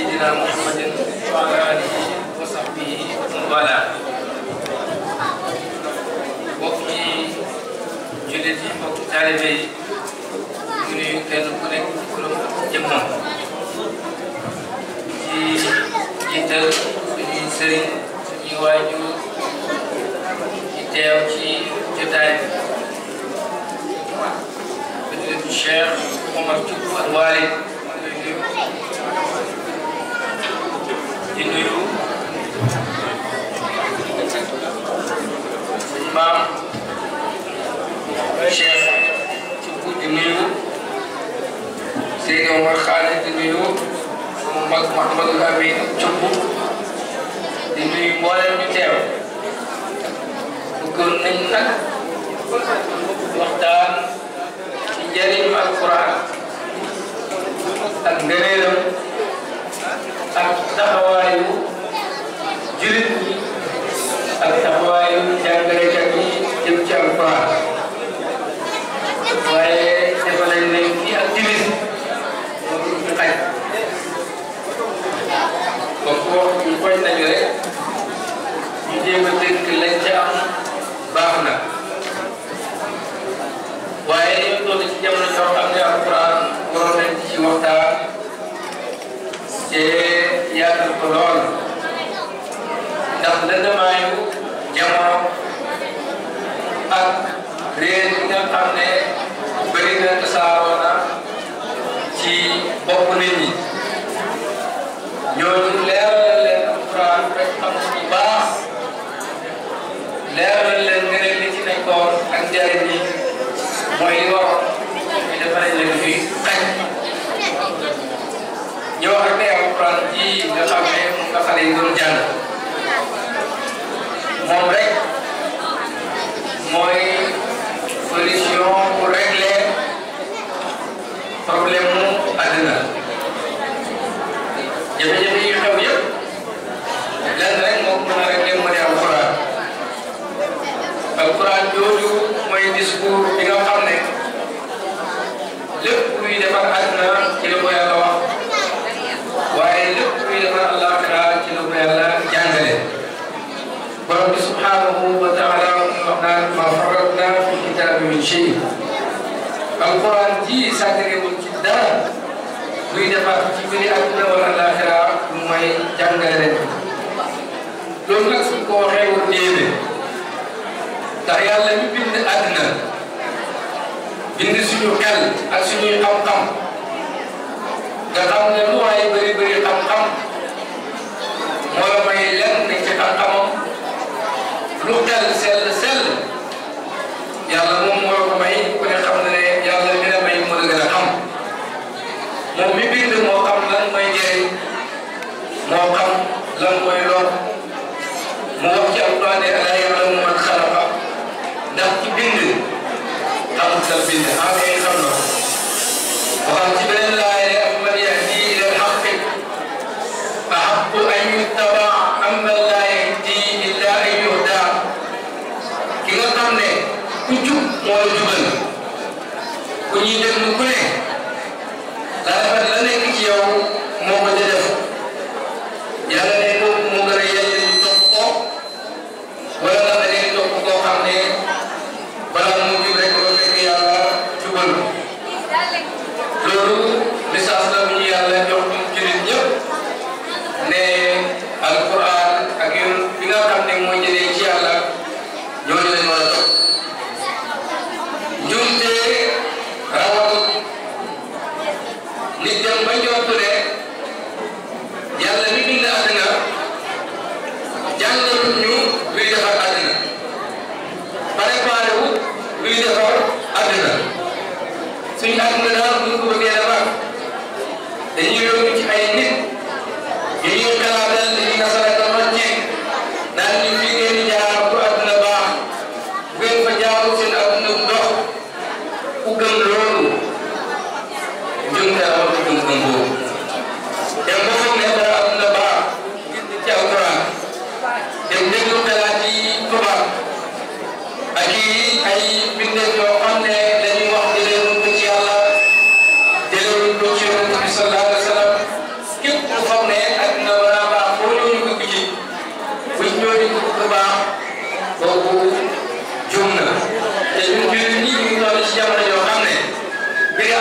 سيدنا محمد وعلى آله وصحبه والاه وفي جلدي وكتابي يريد كان هناك كل جمع في جيتر في سري في واجو في في جتاي في الشيخ عمر تبو الوالد ak ngëneelam ak taxawaayu jullit ñi ak taxawaayu jàngalekat ñi jëm ci alquran waaye dafa nañ ne ci activisme moom ñu xaj kon foofu ñu koy nañu rek waxtaan te yaatal ko lool ndax lëndamaayu jamono ak réer nga xam ne bëri na tasaaroo na ci bopp nit ñi ñooñu leeral leen alquran rek xam bu baax leeral leen ngëneel li ci nekkoon ak njëriñ mooy li wax ñu defaree leen peranti dia pakai muka kali itu jana. Mobrek, moy solution problemmu ada. adina. Jadi jadi itu dia. Dan lain mau menarik dia mari Al-Quran. Al-Quran jauh moy diskur dengan kamu. Lepas ini dapat adina kita boleh min shay alquran ji sàggarewul ci dara luy defar ci biir àdduna wala laaxira mooy jàngale leen loolu nag suñ ko waxee woon néewe yàlla ñu bind àdduna bind suñu xel ak suñuy xam-xam nga xam ne lu waaye bëri bëri xam-xam moo la may lenn ci xam-xamam lu xel sell yàlla moom moo ko may ku ne xam ne yàlla mi la may moo la gën a xam moom mi bind moo xam lan mooy njëriñ moo xam lan mooy lor mu wax ci alquran ala ya'lamu man xalaqa ndax ci bind xamul sa bind alquran ak yoon bi nga xam ne mooy jëlee ci yàlla ñooñu lañ war a de rawatut nit dem ba njortu ne yàlla mi bind àddina jàngalut ñu luy defar wu luy defar àddina suñu àddina daal bu ñu ko bëggee defar dañuy yóbbu ay nit.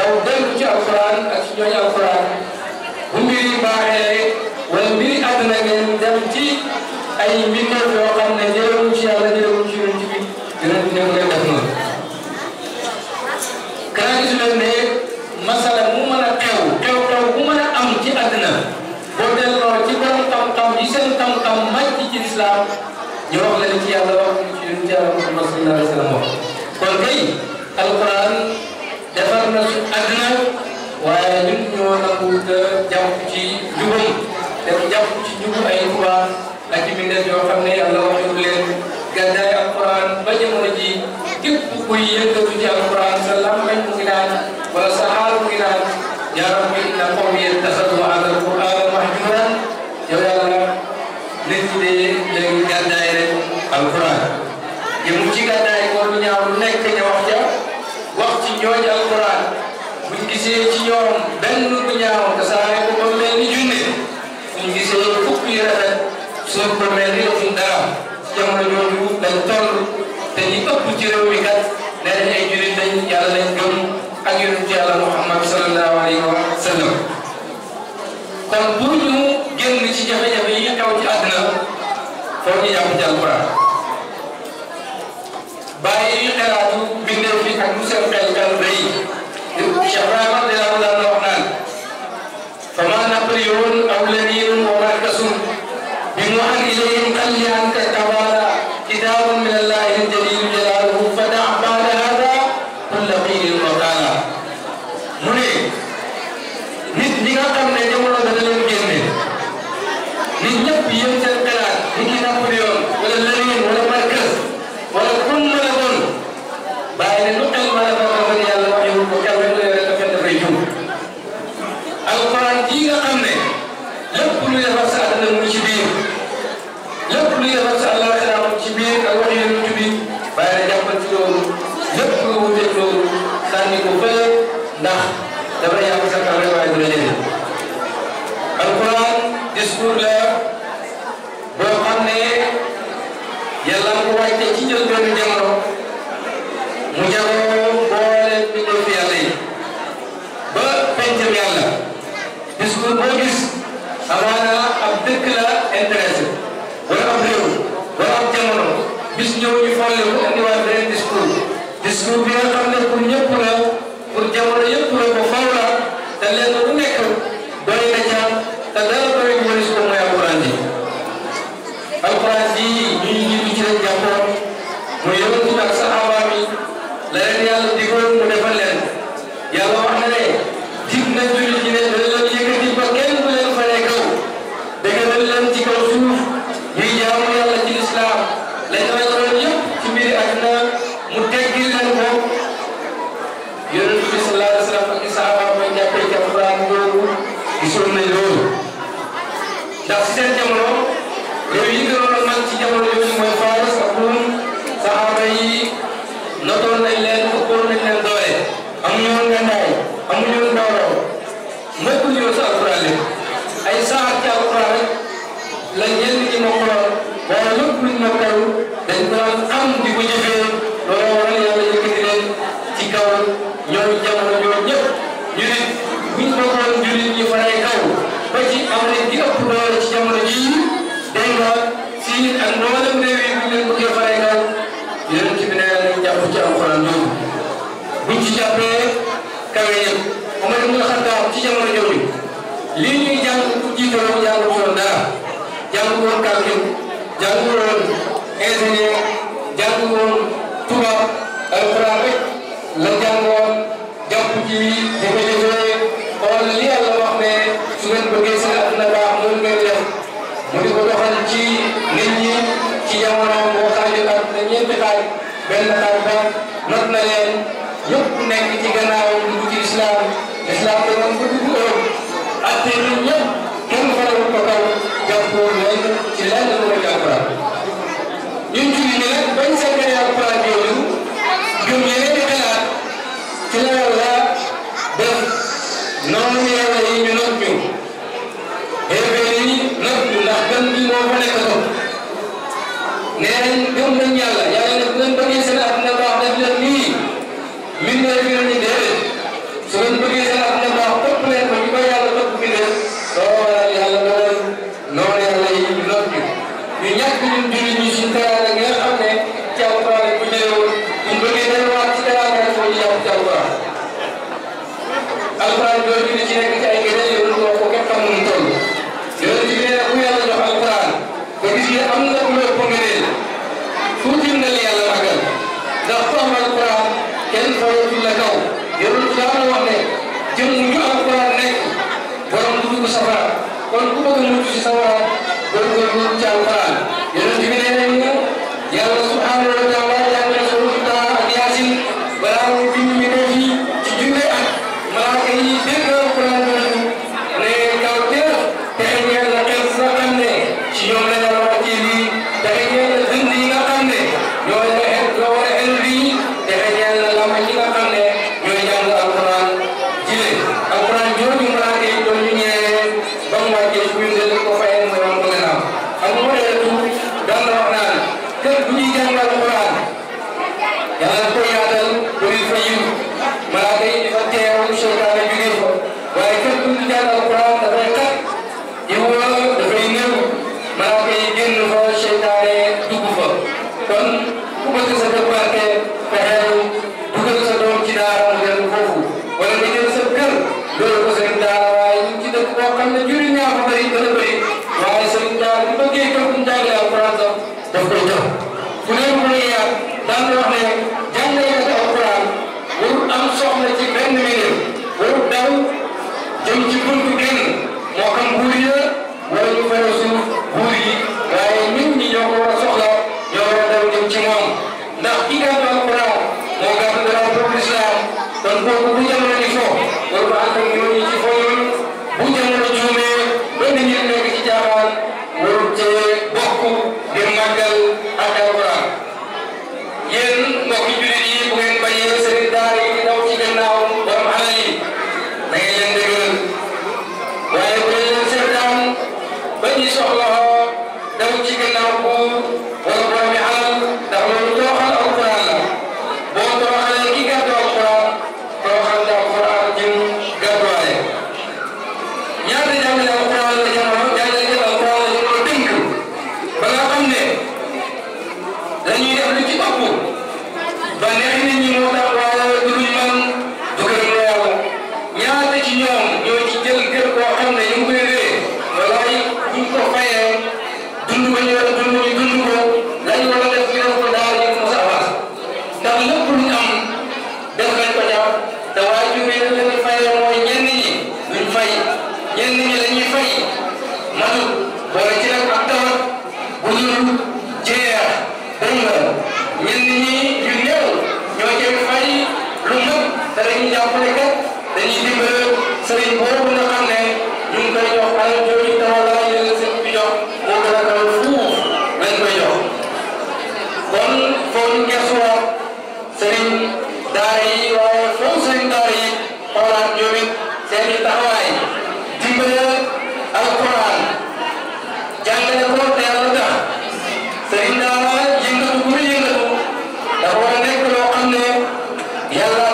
daw dellu ci alxuraan ak ci ñooñu alxuraan bu mbir yi baaxee wala mbir yi àdduna ngeen dem ci ay mbindeef yoo xam ne jëlewuñ ci yàlla jëlewuñ ci yonent bi yonent bi ne def noonu kanaa gis leen ne masala mu mën a xew xew bu mën a am ci àdduna boo delloo ci borom xam-xam yi seen xam-xam màcc ci lislaam ñu wax la ci yàlla wax ci yonent yàlla Muhammad sallallahu alayhi wa sallam kon kay alxuraan defar na su àdduna waaye ñun ñoo nangu te jàpp ci njubam te mu jàpp ci njubu ay tubaab ak ci mbindeef yoo xam ne yàlla waxul leen gàddaay alquran ba jamono ji képp kuy yëngatu gisee ci ñoom benn bu ñaaw te saa yu ko mel ni junne suñ gisee fukk yi rafet soo ko mel ni doxul dara jamono ñooñu dañ toll te ñi ëpp ci réew mi kat nee ay julit dañ yàlla leen gëm ak yonent ci yàlla muhammad sallallahu alayhi wa sallam kon pour ñu génn ci jafe-jafe yi xew ci àdduna foo ñu jàpp ci alquran bàyyi Surya alxuraan ji ñuy jiitu ci lañ jàppoon mu yonent bi ak saxaabaam yi la leen yàlla digoon mu defal leen fekkoon nañ leen fekkoon nañ leen doole amuñu woon gànnaay amuñu woon ndawloo nekkul yow sa alquran lépp ay saa ci alquran rek la ñenn ñi mokkaloon wala lépp luñ mokkal dañ ko am di ko jëfee kami jalur yi génn fa seytaane dugg fa kon ku bëgg sa dëkk barke fexeel dugal sa ci daara mu dem foofu wala nga jël sa kër loolu ko seen daara Malaysia dan buat kubunya Malaysia. Berbahagia Indonesia. bu ñu jeex dégg nga ñenn ñi ñu néew ñoo jéem fay lu mën te dañuy jàppale Yeah.